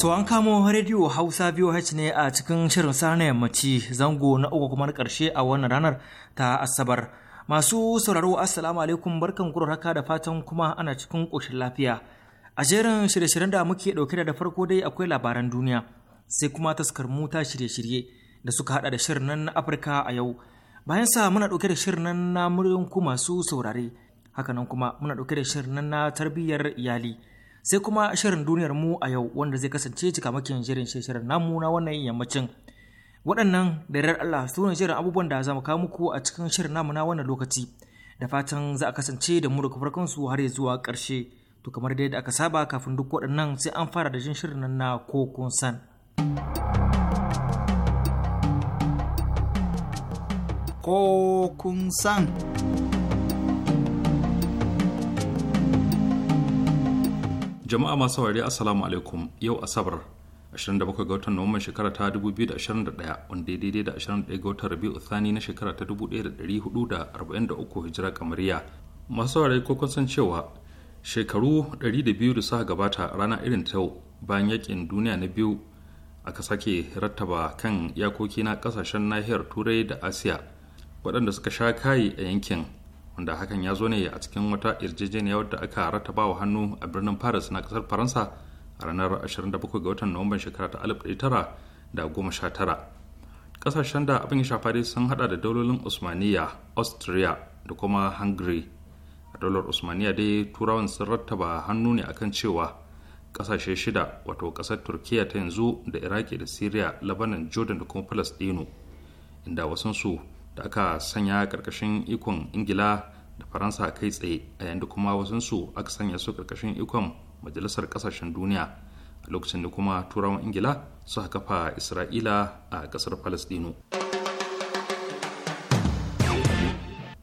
To an kamo rediyo Hausa VOH ne a cikin shirin sana na yammaci zango na uku kuma na ƙarshe a wannan ranar ta Asabar. Masu sauraro Assalamu alaikum barkan kurar haka da fatan kuma ana cikin ƙoshin lafiya. A jerin shirye-shiryen da muke ɗauke da farko dai akwai labaran duniya sai kuma taskar mu ta shirye-shirye da suka haɗa da shirin nan na Afirka a yau. Bayan sa muna ɗauke da shirin nan na muryoyin masu saurare. Hakanan kuma muna ɗauke da shirin nan na tarbiyyar iyali. sai kuma shirin duniyar mu a yau wanda zai kasance cikamakin shirin shirin namu na wannan yammacin waɗannan da yarar Allah su ne shirin abubuwan da za mu kawo muku a cikin shirin namu na wannan lokaci da fatan za a kasance da mu da farkon su har zuwa ƙarshe to kamar dai da aka saba kafin duk waɗannan sai an fara da jin shirin nan na ko kun san ko kun san jama'a masu saurare assalamu alaikum yau asabar 27 ga watan nuwamban shekara ta 2021 wanda ya daidai da 21 ga watan rabi'u thani na shekara ta 1443 hijira kamariya masu saurari ko kusan cewa shekaru 200 da suka gabata rana irin ta yau bayan yakin duniya na biyu aka sake rattaba kan iyakoki na kasashen nahiyar turai da asiya waɗanda suka sha kayi a yankin wanda hakan ya zo ne a cikin wata yarjejeniya wadda aka rataba wa hannu a birnin paris na kasar faransa a ranar 27 ga watan nuwamban shekara ta 1919 kasashen da abin ya shafa dai sun hada da dalolin usmaniya austria da kuma hungary a daular usmaniya dai turawan sun rattaba hannu ne akan cewa kasashe shida wato kasar turkiya ta yanzu da iraki da syria labanan jordan da kuma palestino inda wasansu da aka sanya karkashin ikon ingila da faransa kai tsaye a yanda kuma wasansu aka sanya su karkashin ikon majalisar kasashen duniya a lokacin da kuma turawan ingila suka kafa isra'ila a kasar palestino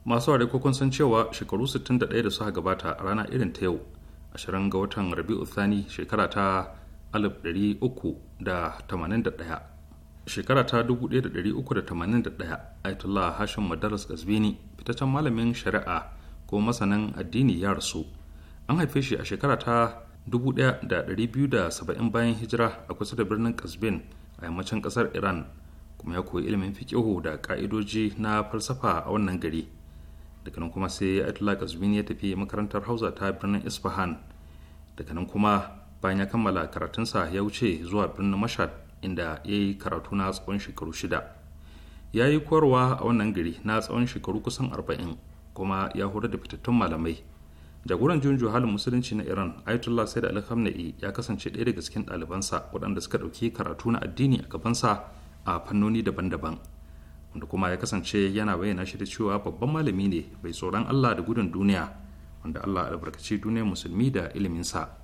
masu ware kun san cewa shekaru 61 da suka gabata a rana irin ta yau 20 ga watan rabi'u thani shekara ta 1381 shekara ta 1381 Aitullah Hashim Madaras Gazbini fitaccen malamin shari'a ko masanin addini ya rasu an haife shi a shekara ta 1270 bayan hijira a kusa da birnin Qazvin a yammacin kasar Iran kuma ya koyi ilimin fiqihu da ka'idoji na falsafa a wannan gari daga nan kuma sai Aitullah Qazvini ya tafi makarantar Hausa ta birnin Isfahan daga nan kuma bayan ya kammala karatunsa ya wuce zuwa birnin Mashhad inda ya yi karatu na tsawon shekaru shida ya yi koyarwa a wannan gari na tsawon shekaru kusan arba'in kuma ya horar da fitattun malamai jagoran junju halin musulunci na iran ayatollah sai da khamenei ya kasance ɗaya daga cikin ɗalibansa waɗanda suka ɗauki karatu na addini a gabansa a fannoni daban-daban wanda kuma ya kasance yana bayyana shi da cewa babban malami ne bai tsoron allah da gudun duniya wanda allah albarkaci duniyar musulmi da iliminsa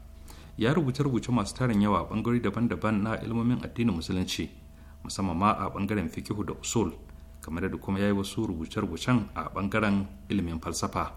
ya rubuce rubuce masu tarin yawa a bangare daban-daban na ilmomin addinin musulunci musamman ma a bangaren fikihu da usul kamar da kuma ya yi wasu rubuce-rubucen a bangaren ilimin falsafa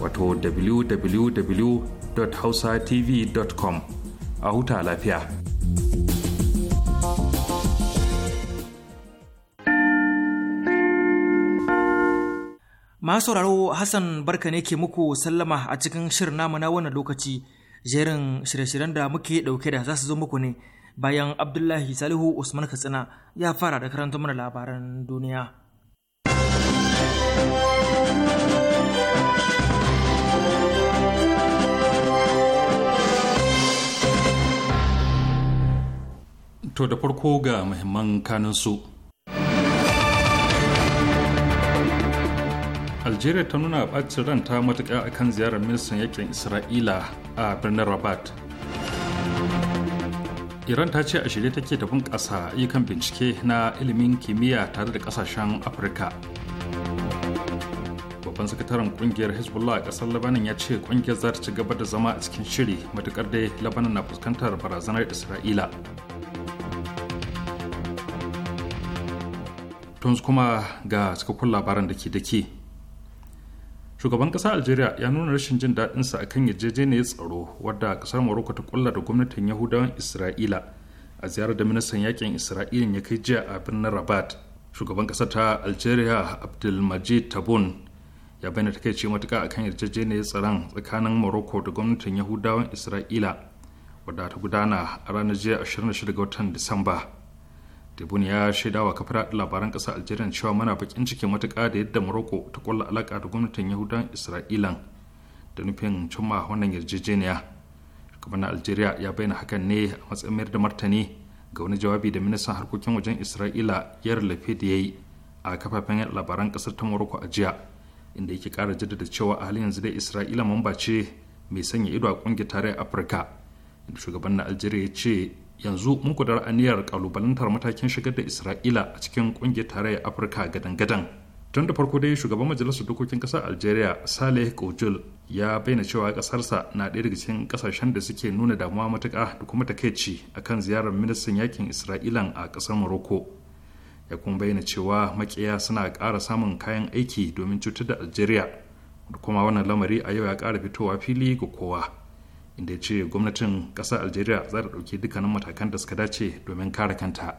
wato www.hausatv.com a huta lafiya. Masu sauraro Hassan barka ne ke muku sallama a cikin shirin namu na wannan lokaci jerin shirye-shiryen da muke dauke da za su zo muku ne bayan Abdullahi Salihu Usman Katsina ya fara da karanta mana labaran duniya. To da farko ga muhimman su Algeria ta nuna ɓacin ranta matuƙa kan ziyarar ministan yakin Isra'ila a birnin Rabat. Iran ta ce a shirye take da bunƙasa ayyukan bincike na ilimin kimiyya tare da ƙasashen Afirka. Babban sakataren ƙungiyar Hezbollah a ƙasar Lebanon ya ce ƙungiyar za ta ci gaba da zama a cikin shiri matuƙar dai Lebanon na fuskantar barazanar Isra'ila. tons kuma ga cikakkun labaran da ke dake shugaban ƙasar algeria ya nuna rashin jin daɗinsa a kan ya tsaro wadda ƙasar morocco ta kulla da gwamnatin yahudawan isra'ila a ziyarar da ministan yakin isra'ila ya kai jiya a birnin rabat shugaban ƙasar ta algeria abdulmajid tabun ya bayyana ce matuka akan yarjejeniyar tsaron tsakanin morocco da gwamnatin yahudawan isra'ila wadda ta gudana a ranar jiya 26 ga watan disamba Tebun ya shaida wa kafar labaran ƙasar Algeria cewa muna bakin ciki matuƙa da yadda Morocco ta kulla alaƙa da gwamnatin Yahudan Isra'ilan da nufin cimma wannan yarjejeniya. Kamar na Algeria ya bayyana hakan ne a matsayin mayar da martani ga wani jawabi da ministan harkokin wajen Isra'ila ya rallafe da ya yi a kafafen labaran ƙasar ta Morocco a jiya inda yake ƙara jaddada cewa a halin yanzu dai Isra'ila mamba ce mai sanya ido a ƙungiyar tarayyar Afirka. Shugaban na Algeria ya ce yanzu mun kudar aniyar kalubalantar matakin shigar da isra'ila a cikin kungiyar tarayyar afirka gadan-gadan tun da farko dai shugaban majalisar dokokin kasar algeria saleh kojul ya bayyana cewa kasarsa na ɗaya daga cikin ƙasashen da suke nuna damuwa matuka da kuma takaici kan ziyarar ministan yakin isra'ilan a kasar morocco ya kuma bayyana cewa makiya suna ƙara samun kayan aiki domin cutar da algeria da kuma wannan lamari a yau ya ƙara fitowa fili ga kowa inda ya ce gwamnatin ƙasar algeria za ta ɗauki dukkanin matakan da suka dace domin kare kanta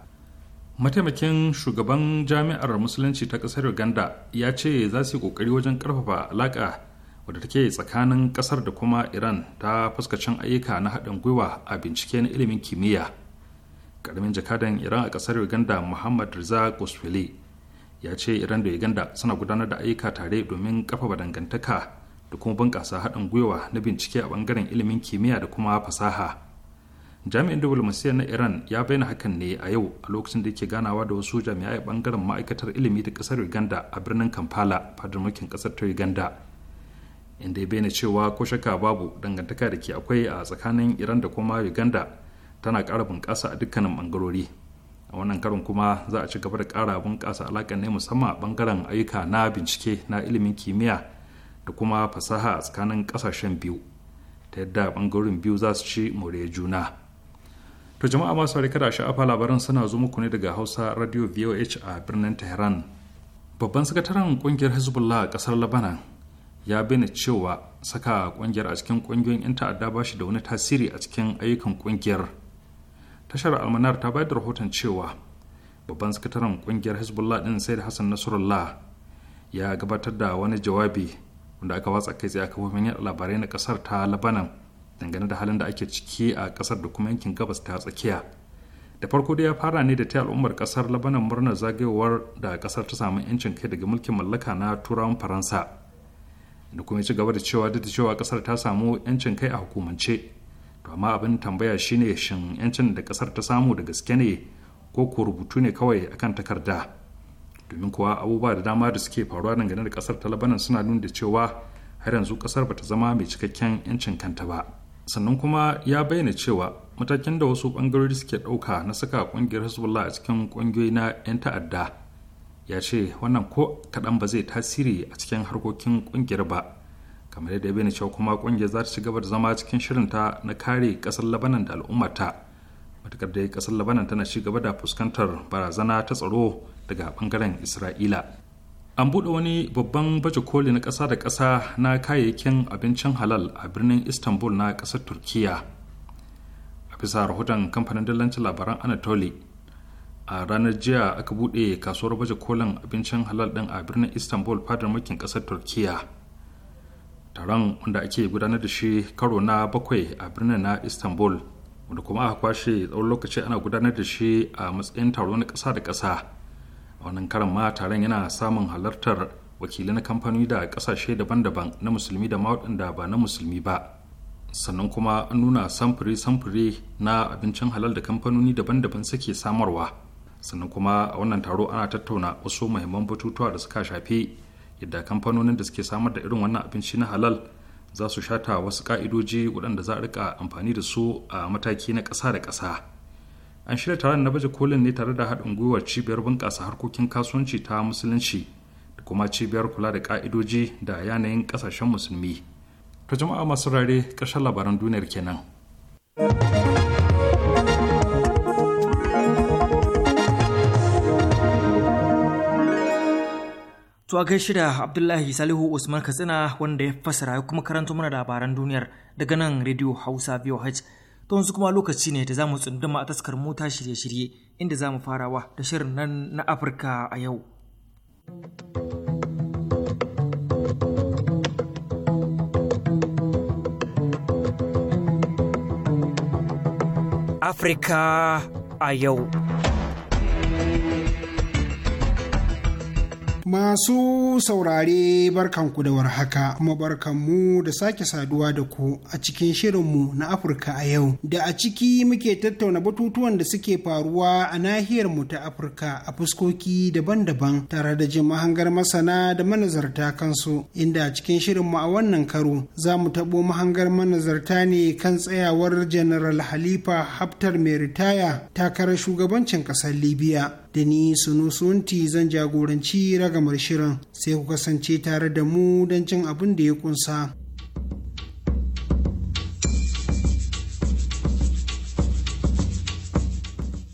mataimakin shugaban jami'ar musulunci ta ƙasar uganda ya ce za su yi ƙoƙari wajen ƙarfafa alaƙa wadda take tsakanin ƙasar da kuma iran ta fuskacin ayyuka na haɗin gwiwa a bincike na ilimin kimiyya ƙaramin jakadan iran a ƙasar uganda muhammad riza gosfili ya ce iran da uganda suna gudanar da ayyuka tare domin ƙarfafa dangantaka da kuma bunƙasa haɗin gwiwa na bincike a ɓangaren ilimin kimiyya da kuma fasaha jami'in diplomasiyya na iran ya bayyana hakan ne a yau a lokacin da yake ganawa da wasu jami'ai a ɓangaren ma'aikatar ilimi da ƙasar uganda a birnin kampala mulkin ƙasar ta uganda inda ya bayyana cewa ko shakka babu dangantaka da ke akwai a tsakanin iran da kuma uganda tana ƙara bunƙasa a dukkanin ɓangarori a wannan karin kuma za a ci gaba da ƙara bunƙasa alaƙa ne musamman a ɓangaren ayyuka na bincike na ilimin kimiyya da kuma fasaha a tsakanin kasashen biyu ta yadda ɓangaren biyu za su ci more juna to jama'a masu kada sha'afa labaran suna zo muku ne daga hausa radio voh a birnin tehran babban sakataren kungiyar hezbollah a kasar labanan ya bayyana cewa saka kungiyar a cikin kungiyoyin 'yan ta'adda ba shi da wani tasiri a cikin ayyukan kungiyar tashar almanar ta bayar da rahoton cewa babban sakataren kungiyar hezbollah din da hassan nasrullah ya gabatar da wani jawabi wanda aka watsa kai tsaye a kafofin yaɗa labarai na kasar ta labanan dangane da halin da ake ciki a kasar da kuma yankin gabas ta tsakiya da farko dai ya fara ne da ta al'ummar kasar labanan murnar zagayowar da kasar ta samu yancin kai daga mulkin mallaka na turawan faransa da kuma ci gaba da cewa duk da cewa kasar ta samu yancin kai a hukumance to amma abin tambaya shine shin yancin da kasar ta samu da gaske ne ko ku rubutu ne kawai akan takarda domin kuwa abubuwa da dama da suke faruwa dangane da kasar ta labanan suna nuna da cewa har yanzu kasar bata zama mai cikakken yancin kanta ba sannan kuma ya bayyana cewa matakin da wasu bangarori suke dauka na saka kungiyar hezbollah a cikin kungiyoyi na 'yan ta'adda ya ce wannan ko kaɗan ba zai tasiri a cikin harkokin kungiyar ba kamar yadda ya bayyana cewa kuma kungiyar za ta ci gaba da zama cikin shirinta na kare kasar labanan da al'ummarta matakar dai kasar labanan tana ci gaba da fuskantar barazana ta tsaro daga bangaren isra'ila an buɗe wani babban baje koli na ƙasa da ƙasa na kayayyakin abincin halal a birnin istanbul na ƙasar turkiya a bisa rahoton kamfanin dillancin labaran anatoli a ranar jiya aka buɗe kasuwar baje kolin abincin halal ɗin a birnin istanbul fadar makin ƙasar turkiya taron wanda ake gudanar da shi karo na bakwai a birnin na istanbul wanda kuma aka kwashe tsawon lokaci ana gudanar da shi a matsayin taro na ƙasa da ƙasa a wannan karan ma taron yana samun halartar wakilai na kamfanoni da kasashe daban-daban na musulmi da waɗanda ba na musulmi ba sannan kuma an nuna samfure-samfure na abincin halal da kamfanoni daban-daban suke samarwa sannan kuma a wannan taro ana tattauna wasu mahimman batutuwa da suka shafi yadda kamfanonin da suke samar da irin wannan abinci na halal za su shata wasu ka'idoji waɗanda za a rika amfani da su a mataki na ƙasa da ƙasa an shirya taron na baje kolin ne tare da haɗin gwiwar cibiyar bunƙasa harkokin kasuwanci ta musulunci da kuma cibiyar kula da ƙa'idoji da yanayin ƙasashen musulmi ta jama'a masu rare ƙarshen labaran duniyar kenan To a gaishe da Abdullahi Salihu Usman Katsina wanda ya fassara ya kuma karanto mana labaran duniyar daga nan Radio Hausa VOH don su kuma lokaci ne da za mu tsunduma a taskar mota shirye-shirye inda za mu farawa da shirin nan na afirka a yau afirka a yau Masu saurare barkanku da warhaka kuma barkanmu da sake saduwa da ku a cikin shirinmu na Afirka a yau da a ciki muke tattauna batutuwan da suke faruwa a nahiyar mu ta Afirka a fuskoki daban-daban tare da jin mahangar masana da manazarta kansu inda a cikin shirinmu a wannan karo za mu taɓo mahangar manazarta ne kan tsayawar General Halifa Haftar mai ritaya takarar shugabancin ƙasar Libya. da ni sunusunti zan jagoranci ragamar shirin sai ku kasance tare da mu don cin abin da ya kunsa.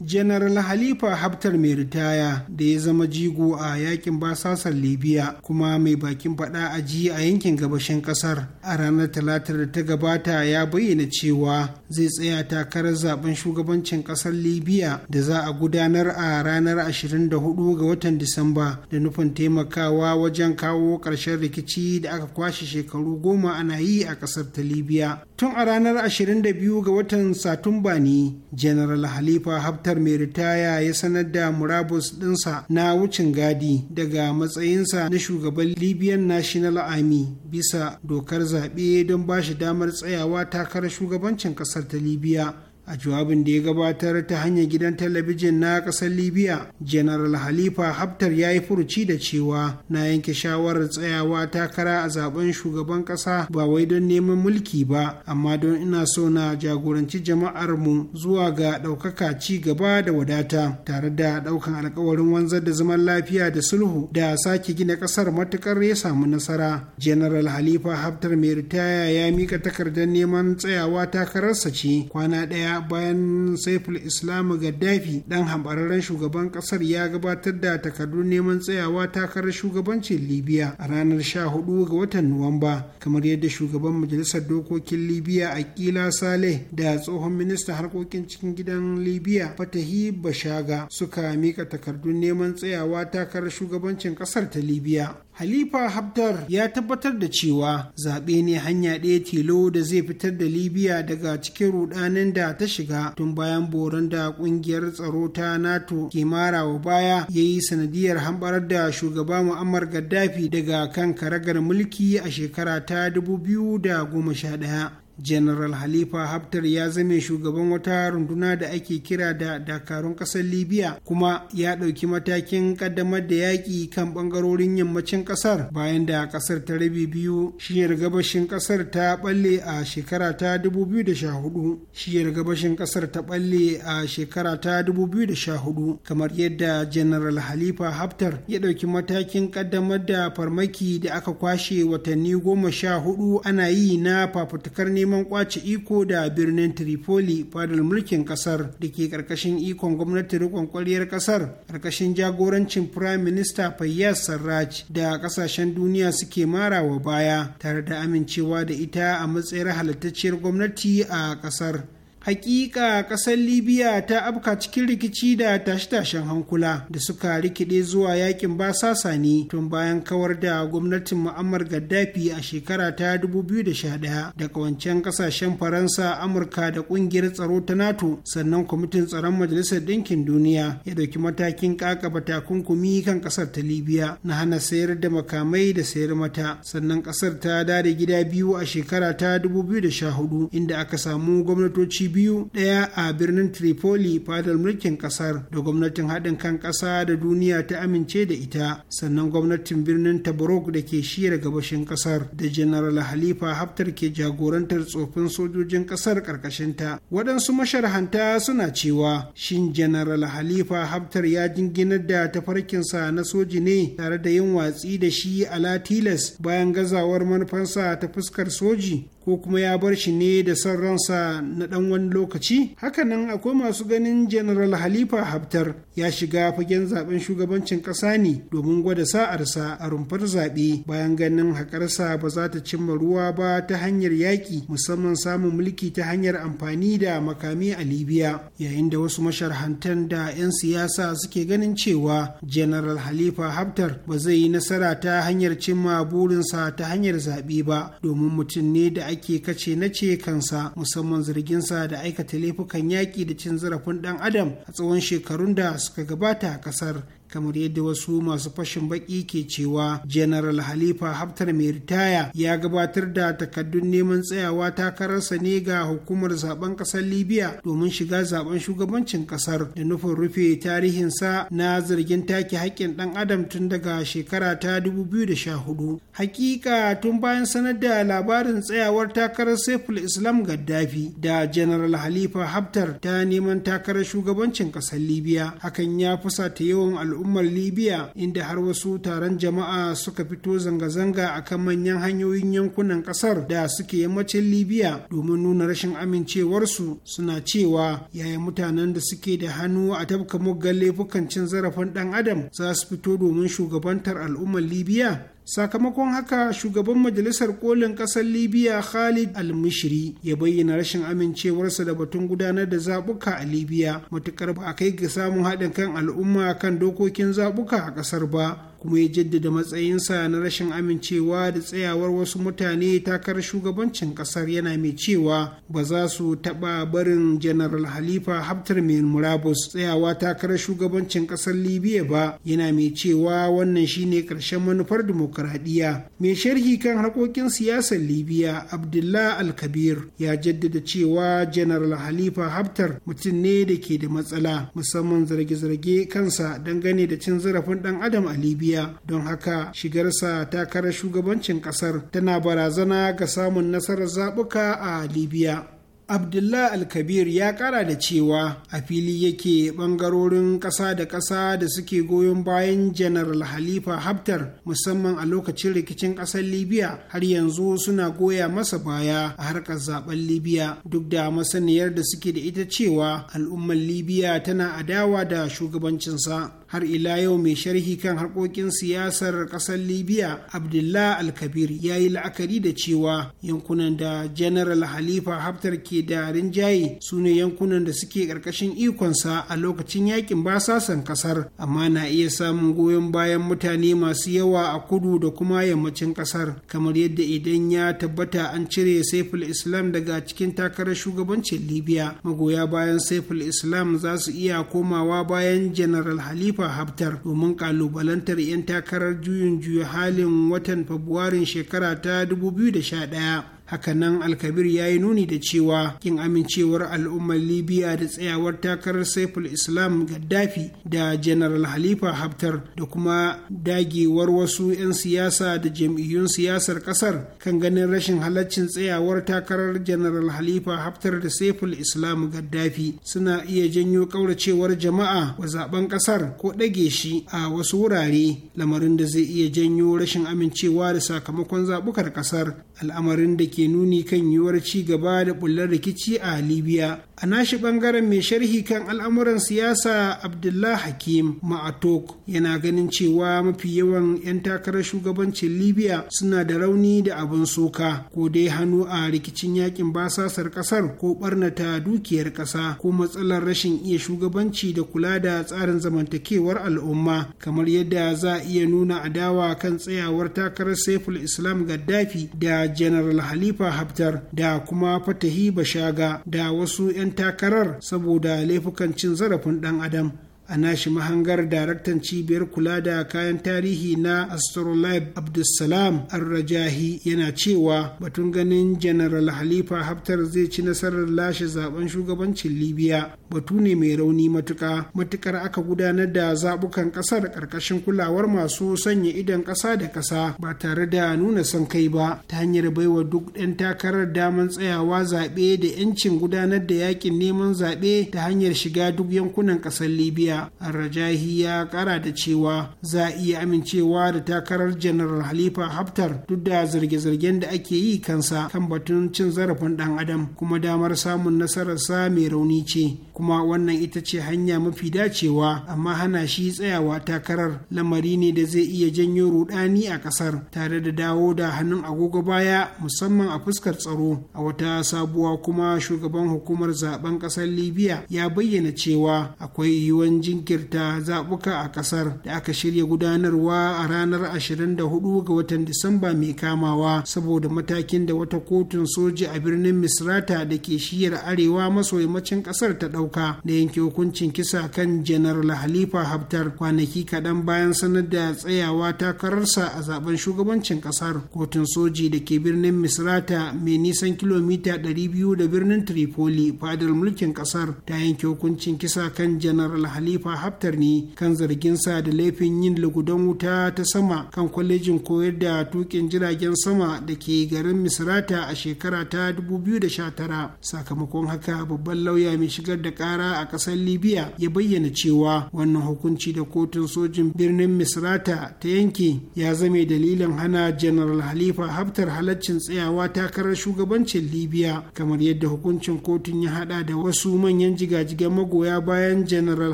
General Halifa Haftar mai ritaya da ya zama jigo a yakin basasar Libya kuma mai bakin faɗa a ji a yankin gabashin kasar A ranar talatar da ta gabata ya bayyana cewa zai tsaya takarar zaben shugabancin kasar Libya da za a gudanar a ranar 24 ga watan Disamba da nufin taimakawa wajen kawo ƙarshen rikici da aka kwashe shekaru goma ana yi a kasar ta Libya. Tun a ranar 22 ga watan Satumba ne General Halifa Haftar jihar mai ritaya ya sanar da murabus dinsa na wucin gadi daga matsayinsa na shugaban libyan national army bisa dokar zaɓe don ba shi damar tsayawa takarar shugabancin ƙasar ta libya a jawabin da ya gabatar ta hanyar gidan talabijin na ƙasar libya general halifa haftar ya yi furuci da cewa na yanke shawarar tsayawa takara a zaben shugaban ƙasa ba wai don neman mulki ba amma don ina so na jagoranci jama'ar mu zuwa ga ɗaukaka ci gaba da wadata tare da ɗaukan alkawarin wanzar da zaman lafiya da sulhu da sake gina ƙasar matuƙar ya samu nasara general halifa haftar mai ritaya ya mika takardar neman tsayawa takararsa ce kwana ɗaya bayan saiful islam gaddafi ɗan hambararren shugaban ƙasar ya gabatar da takardun neman tsayawa takarar shugabancin libya a ranar 14 ga watan nuwamba kamar yadda shugaban majalisar dokokin libya akila saleh da tsohon Minista harkokin cikin gidan libya fatahi bashaga suka mika takardun neman tsayawa takarar shugabancin ƙasar ta libya Halifa Haftar ya tabbatar da cewa zaɓe ne hanya ɗaya tilo da zai fitar da Libya daga cikin rudanin da ta shiga tun bayan boron da ƙungiyar tsaro ta NATO ke mara wa baya ya yi sanadiyar hambarar da shugaba Muammar Gaddafi daga kan karagar mulki a shekara ta 2011. general halifa haftar ya zame shugaban wata runduna da ake kira da dakarun kasar libya kuma ya ɗauki matakin ƙaddamar da yaƙi kan ɓangarorin yammacin ƙasar bayan da ƙasar ta rabi biyu shiyar gabashin ƙasar ta ɓalle a shekara ta 2014 shiyar gabashin ƙasar ta ɓalle a shekara ta 2014 kamar yadda general halifa haftar ya ɗauki matakin ƙaddamar da farmaki da aka kwashe watanni goma sha hudu ana yi na fafutukar ne neman kwace iko da birnin tripoli fadar mulkin kasar da ke karkashin ikon gwamnati rikon kwaliyar kasar karkashin jagorancin prime minister fayyaz sarraj da kasashen duniya suke mara wa baya tare da amincewa da ita a matsayin halittacciyar gwamnati a kasar hakika kasar libya ta afka cikin rikici da tashe-tashen hankula da suka rikide zuwa yakin basasa ne tun bayan kawar da gwamnatin mu'ammar gaddafi a shekara ta 2011 daga wancan kasashen faransa amurka da kungiyar tsaro ta nato sannan kwamitin tsaron majalisar ɗinkin duniya ya ɗauki matakin kakaba takunkumi kan kasar ta libya na hana sayar da makamai da sayar mata sannan kasar ta dare gida biyu a shekara ta 2014 inda aka samu gwamnatoci biyu ɗaya a birnin Tripoli fadar mulkin ƙasar da gwamnatin haɗin kan ƙasa da duniya ta amince da ita sannan gwamnatin birnin Tabarok da ke shiyar gabashin ƙasar da General Halifa Haftar ke jagorantar tsofin sojojin ƙasar ƙarƙashinta. Waɗansu masharhanta suna cewa shin General Halifa Haftar ya jinginar da tafarkinsa na soji ne tare da yin watsi da shi a tilas bayan gazawar manufansa ta fuskar soji ko kuma ya bar shi ne da son ransa na ɗan wani lokaci hakanan akwai masu ganin general halifa haftar ya shiga fagen zaben shugabancin ƙasa ne domin gwada sa'arsa a rumfar zaɓe bayan ganin haƙarsa ba za ta cimma ruwa ba ta hanyar yaƙi musamman samun mulki ta hanyar amfani da makami a libya yayin da wasu masharhantan da 'yan siyasa suke ganin cewa general halifa haftar ba zai yi nasara ta hanyar cimma burinsa ta hanyar zaɓe ba domin mutum ne da ake kace na ce kansa musamman zarginsa da aikata laifukan yaƙi da cin zarafin ɗan adam a tsawon shekarun da suka gabata a ƙasar kamar yadda wasu masu fashin baki ke cewa general halifa haftar mai ritaya ya gabatar da takaddun neman tsayawa takararsa ne ga hukumar zaben kasar libya domin shiga zaben shugabancin kasar da nufin rufe tarihinsa na zargin take haƙƙin ɗan adam tun daga shekara ta 2014 hakika tun bayan sanar da labarin tsayawar takarar saiful islam gaddafi da general halifa haftar ta neman takarar shugabancin kasar libya hakan ya fusata yawan al'umma al'ummar libya inda har wasu taron jama'a suka fito zanga-zanga a kan manyan hanyoyin yankunan kasar da suke yammacin libya domin nuna rashin amincewarsu suna cewa yayin mutanen da suke da hannu a tafka muggan laifukan cin zarafin dan adam za su fito domin shugabantar al'ummar libya sakamakon haka shugaban majalisar kolin kasar libya khalid al-mishri ya bayyana rashin amincewarsa da batun gudanar da zabuka a libya matukar ba a kai ga samun haɗin kan al'umma kan dokokin zabuka a ƙasar ba kuma ya jaddada matsayinsa na rashin amincewa da tsayawar wasu mutane takarar shugabancin kasar yana mai cewa ba za su taɓa barin janaral halifa haftar mai murabus tsayawa takarar shugabancin kasar libya ba yana mai cewa wannan shine karshen manufar dimokuraɗiyya mai sharhi kan harkokin siyasar libya abdullah alkabir ya jaddada cewa janaral halifa haftar mutum ne da ke da matsala musamman zarge-zarge kansa dangane da cin zarafin dan adam a libya duniya don haka shigarsa takarar shugabancin kasar tana barazana ga samun nasarar zabuka a libya abdullah alkabir ya kara da cewa a fili yake bangarorin ƙasa da ƙasa da suke goyon bayan janaral halifa haftar musamman a lokacin rikicin ƙasar libya har yanzu suna goya masa baya a harkar zaben libya duk da masaniyar da suke da ita cewa al'ummar libya tana adawa da shugabancinsa har ila yau mai sharhi kan harkokin siyasar kasar libya abdullah alkabir ya yi la'akari da cewa yankunan da general halifa haftar ke da rinjaye su ne yankunan da suke karkashin ikonsa a lokacin yakin basasan kasar amma na iya samun goyon bayan mutane masu yawa a kudu da kuma yammacin kasar kamar yadda idan ya tabbata an cire saiful islam daga cikin takarar shugabancin libya magoya bayan saiful islam za su iya komawa bayan general halifa ba haftar domin kalubalantar 'yan takarar juyin juya halin watan fabuwarin shekara ta 2011 hakanan alkabir ya yi nuni da cewa kin amincewar al'ummar libya da tsayawar takarar saiful islam gaddafi da general halifa haftar da kuma dagewar wasu 'yan siyasa da jam'iyyun siyasar kasar kan ganin rashin halaccin tsayawar takarar general halifa haftar da saiful islam gaddafi suna iya janyo kauracewar jama'a wa zaben kasar ko dage shi a wasu wurare lamarin da zai iya janyo rashin amincewa da sakamakon zaɓukar kasar al'amarin da ke nuni kan yiwuwar ci gaba da bullar rikici a libya a nashi bangaren mai sharhi kan al'amuran siyasa abdullah hakim ma'atok yana ganin cewa mafi yawan 'yan takarar shugabancin libya suna da rauni da abin soka ko dai hannu a rikicin yakin basasar kasar ko barnata dukiyar kasa ko matsalar rashin iya shugabanci da kula da tsarin zamantakewar al'umma kamar yadda za a iya nuna adawa kan tsayawar takarar saiful islam gaddafi da da general halifa haftar da kuma fatahi bashaga da wasu 'yan takarar saboda laifukan cin zarafin ɗan adam a nashi mahangar daraktan cibiyar kula da kayan tarihi na astrolabe abdulsalam arrajahi yana cewa batun ganin general halifa haftar zai ci nasarar lashe zaben shugabancin libya batu ne mai rauni matuka matukar aka gudanar da zabukan kasar karkashin kulawar masu sanya idan kasa da kasa ba tare da nuna son kai ba ta hanyar baiwa duk ɗan takarar damar tsayawa zaɓe da 'yancin gudanar da yakin neman zaɓe ta hanyar shiga duk yankunan ƙasar libya libya rajahi ya kara da cewa za a iya amincewa da takarar janar halifa haftar duk da zarge-zargen da ake yi kansa kan batun cin zarafin dan adam kuma damar samun nasararsa mai rauni ce kuma wannan ita ce hanya mafi dacewa amma hana shi tsayawa takarar lamari ne da zai iya janyo rudani a kasar tare da dawo da hannun agogo baya musamman a fuskar tsaro a wata sabuwa kuma shugaban hukumar zaben kasar libya ya bayyana cewa akwai yiwuwan jinkirta zabuka a kasar da aka shirya gudanarwa a ranar 24 ga watan disamba mai kamawa saboda matakin da wata kotun soji a birnin misrata da ke shiyar arewa maso yammacin kasar ta ɗau ɗauka da yanke hukuncin kisa kan janaral halifa haftar kwanaki kaɗan bayan sanar da tsayawa takararsa a zaben shugabancin ƙasar kotun soji da ke birnin misrata mai nisan kilomita 200 da birnin tripoli fadar mulkin ƙasar ta yanke hukuncin kisa kan janaral halifa haftar ne kan zargin sa da laifin yin lugudan wuta ta sama kan kwalejin koyar da tukin jiragen sama da ke garin misrata a shekara ta 2019 sakamakon haka babban lauya mai shigar da kara a ƙasar libya ya bayyana cewa wannan hukunci da kotun sojin birnin misrata ta yanke ya zame dalilin hana general halifa haftar halaccin tsayawa takarar shugabancin libya kamar yadda hukuncin kotun ya hada da wasu manyan jigajigan magoya bayan general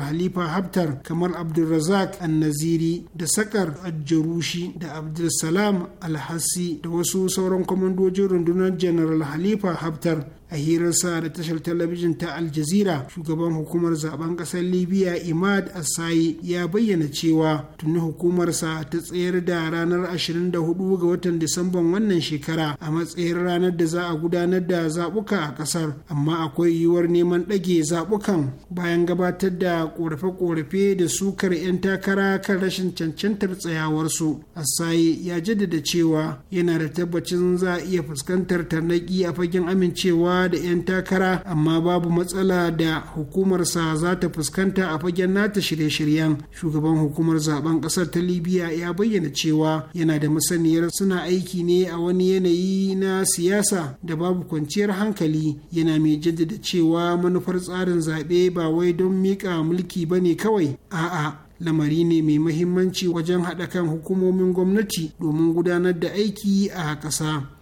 halifa haftar kamar abdulrazak annaziri da sakar aljarushi da abdulsalam alhassi da wasu sauran kwamandojin rundunar general halifa haftar a hirar sa da tashar talabijin ta al shugaban hukumar zaben kasar libya imad asai ya bayyana cewa tuni hukumarsa ta tsayar da ranar 24 ga watan disamban wannan shekara a matsayin ranar da za a gudanar da zaɓuka a ƙasar amma akwai yiwuwar neman ɗage zaɓukan bayan gabatar da ƙorafe korafe da sukar 'yan takara kan rashin cancantar tsayawarsu asai ya jaddada cewa yana da tabbacin za a iya fuskantar tarnaƙi a fagen amincewa da 'yan takara amma babu matsala da hukumarsa za ta fuskanta a fagen nata shirye-shiryen shugaban hukumar zaben kasar ta libya ya bayyana cewa yana da masaniyar suna aiki ne a wani yanayi na siyasa da babu kwanciyar hankali yana mai jaddada cewa manufar tsarin zaɓe ba wai don miƙa mulki ba ne kawai a'a lamari ne mai mahimmanci wajen haɗa kan hukumomin gwamnati domin gudanar da aiki a ƙasa.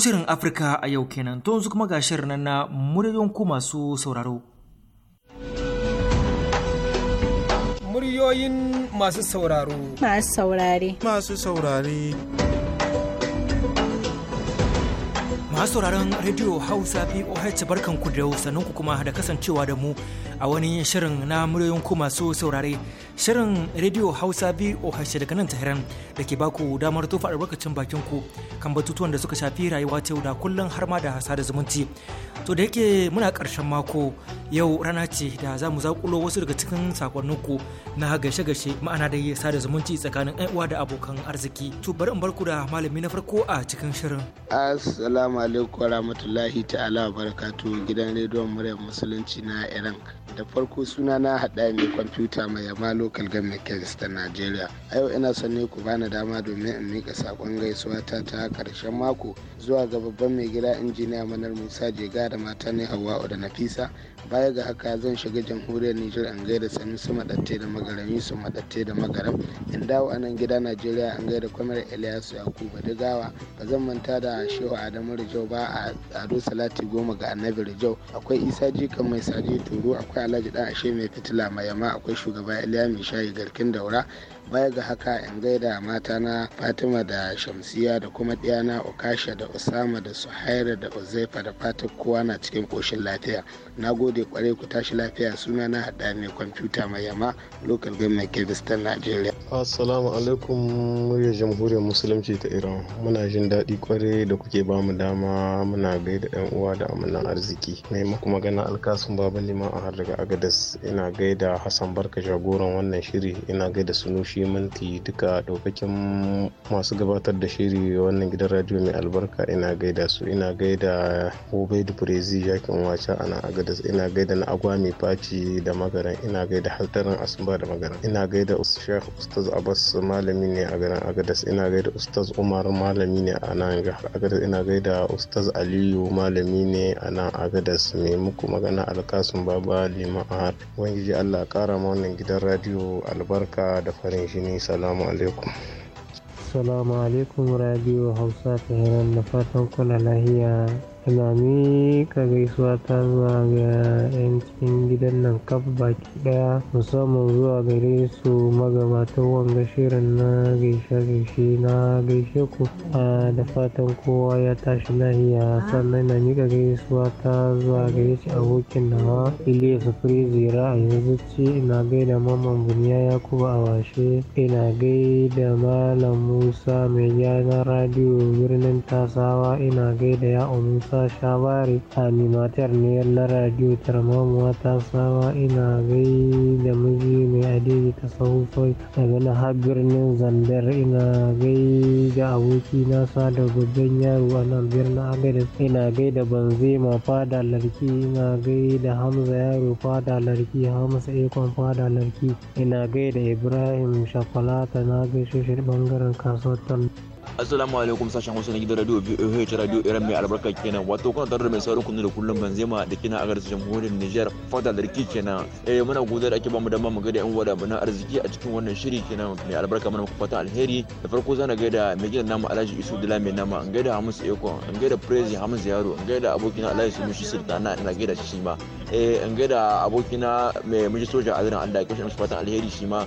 shirin Afirka a yau kenan to yanzu kuma ga shirin nan na muryoyin ku masu sauraro. Muryoyin masu sauraro. Masu saurare. Masu saurare. masu sauraron Radio Hausa POH barkan ku da sannan ku kuma da kasancewa da mu a wani shirin na muryoyin ku masu saurare. Shirin Radio Hausa POH daga nan Tahiran da ke baku damar tofa albarkacin bakin ku kan batutuwan da suka shafi rayuwa ta yau da kullum har ma da hasa zumunci. To da yake muna karshen mako yau rana ce da za mu zakulo wasu daga cikin sakonnin ku na gashe-gashe ma'ana da yi sada zumunci tsakanin uwa da abokan arziki. To bari in barku da malami na farko a cikin shirin. alaikum wa rahmatullahi ta'ala wa barakatuhu gidan rediyon muryar musulunci na iran da farko suna na haɗa ne kwamfuta mai yamma local government kansu ta nigeria a yau ina son ne ku bani dama domin in mika sakon gaisuwa ta ta ƙarshen mako zuwa ga babban mai gida injiniya manar musa jega da mata ne hawa da nafisa baya ga haka zan shiga jamhuriyar niger an gaida sami su madatte da magarami su madatte da magaram in dawo a nan gida najeriya an gaida kwamar eliyasu yakubu digawa ba zan manta da shehu adamu rijau ba a ado salati goma ga annabi rijau akwai isa jikan mai saji turu akwai alhaji da ashe mai fitila mai yama akwai shugaba iliya mai shayi garkin daura baya ga haka in gaida matana fatima da shamsiya da kuma diyana okasha da usama da suhaira da uzaifa da fatan kowa na cikin koshin lafiya na gode kwarai ku tashi lafiya suna na haɗa ne kwamfuta mai yama local government kebistan nigeria assalamu alaikum muryar jamhuriyar musulunci ta iran muna jin daɗi kwarai da kuke ba mu dama muna gaida yan uwa da amanan arziki mai muku magana alkasun baba liman a har daga agadas ina gaida hassan barka jagoran wannan shiri ina gaida sunushi shi mulki duka ɗaukakin masu gabatar da shiri wannan gidan radio mai albarka ina gaida su ina gaida obed brezi yakin wacha ana agadas ina gaida na agwa mai faci da magaran ina gaida haltarin asuba da magaran ina gaida shek ustaz abbas malami ne a garin agadas ina gaida ustaz umar malami ne a nan agadas ina gaida ustaz aliyu malami ne a nan agadas mai muku magana alkasun baba har wani ji allah kara ma wannan gidan radio albarka da farin shi salamu alaikum Assalamu alaikum radio Hausa ta hirar na fatan kuna lahiya ina miƙa gaisuwa ta zuwa ga 'yan cikin gidan nan kaf baki ɗaya musamman zuwa gare su magabatan wanga shirin na gaishe-gaishe na gaishe ku da fatan kowa ya tashi lahiya sannan na miƙa gaisuwa ta zuwa ga yace abokin nawa Iliya Sufuri Zira a yanzu ce ina gaida Mamman Buniya ya Yakubu a washe ina gaida Malam Musa mai na radiyo birnin Tasawa ina gaida ya Musa Musa Bari animatar ne na radio Tarmamuwa ta sawa ina gai da miji mai adini ta sahufai daga na har birnin Zandar ina gai da aboki na sada babban yaro a nan birnin Agadez ina gai da Banzema fada larki ina gai da Hamza yaro fada larki Hamza ikon fada larki ina gai da Ibrahim Shakwalata na gaishe shi bangaren kasuwar assalamu alaikum sashen wasu na gidan radio BOH radio Iran mai albarka kenan wato kuna tare da mai saurin kunu da kullum ban Benzema da kina a garsa jamhuriyar Niger fata da rikici kenan eh muna gode da ake bamu dama mu gaida yan wada bana arziki a cikin wannan shiri kenan mai albarka mana ku fata alheri da farko zan gaida mai gidan namu Alhaji Isu Dila mai nama an gaida hamus Eko an gaida Prezi hamus Yaro an gaida abokina Alhaji Sumushi Sultana ina gaida shi ma eh an gaida abokina mai miji soja Azrin Allah ya kashe musu fata alheri shi ma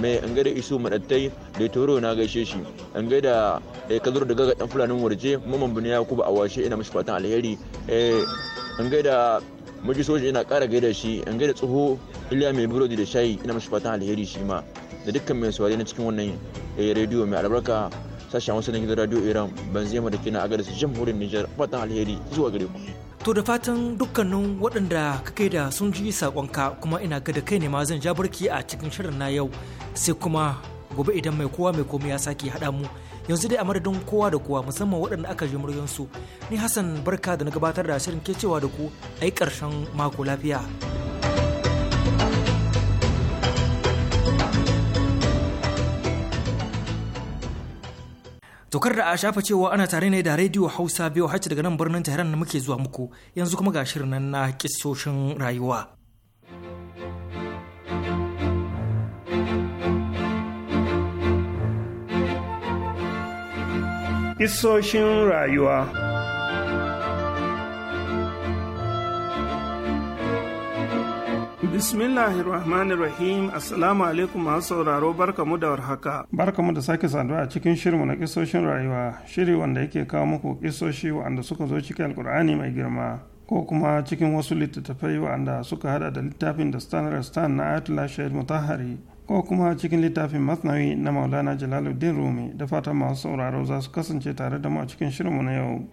mai an gaida Isu Madattai da Toro na gaishe shi an gaida eh ka zura daga dan fulanin warje mamman bin yakubu a washe ina mashi fatan alheri eh an gaida muji soji ina kara gaida shi an gaida tsoho iliya mai burodi da shayi ina mashi fatan alheri shi ma da dukkan mai saurari na cikin wannan eh, rediyo mai albarka sashen wasu na gidan radio iran ban zai da kina a jim jamhuriyar nijar fatan alheri zuwa gare ku To da fatan dukkanin waɗanda kake da sun ji saƙonka kuma ina ga da kai ne ma zan ja barki a cikin shirin na yau sai kuma gobe idan mai kowa mai komai ya sake haɗa mu yanzu dai a madadin kowa da kowa musamman waɗanda aka ji muryansu ni hassan barka da na gabatar da shirin cewa da ku a yi ƙarshen mako lafiya tokar da a shafa cewa ana tare ne da rediyo hausa biyu hacci daga nan birnin tehran da muke zuwa muku yanzu kuma ga shirin na kisoshin rayuwa Isoshin rayuwa Bismillahirrahmanirrahim Assalamu alaikum masu sauraro barkamu da warhaka. Barkamu da sake saduwa a cikin shirinmu na kisoshin rayuwa, shiri wanda yake kawo muku kisoshi wanda suka zo cikin alkur'ani mai girma. ko kuma cikin wasu littattafai wanda suka hada da littafin da stan stan na Ayatollah Shahid Mutahari ko kuma cikin littafin masnawi na maulana jalaluddin rumi da fatan masu sauraro za su kasance tare da mu a cikin shirinmu na yau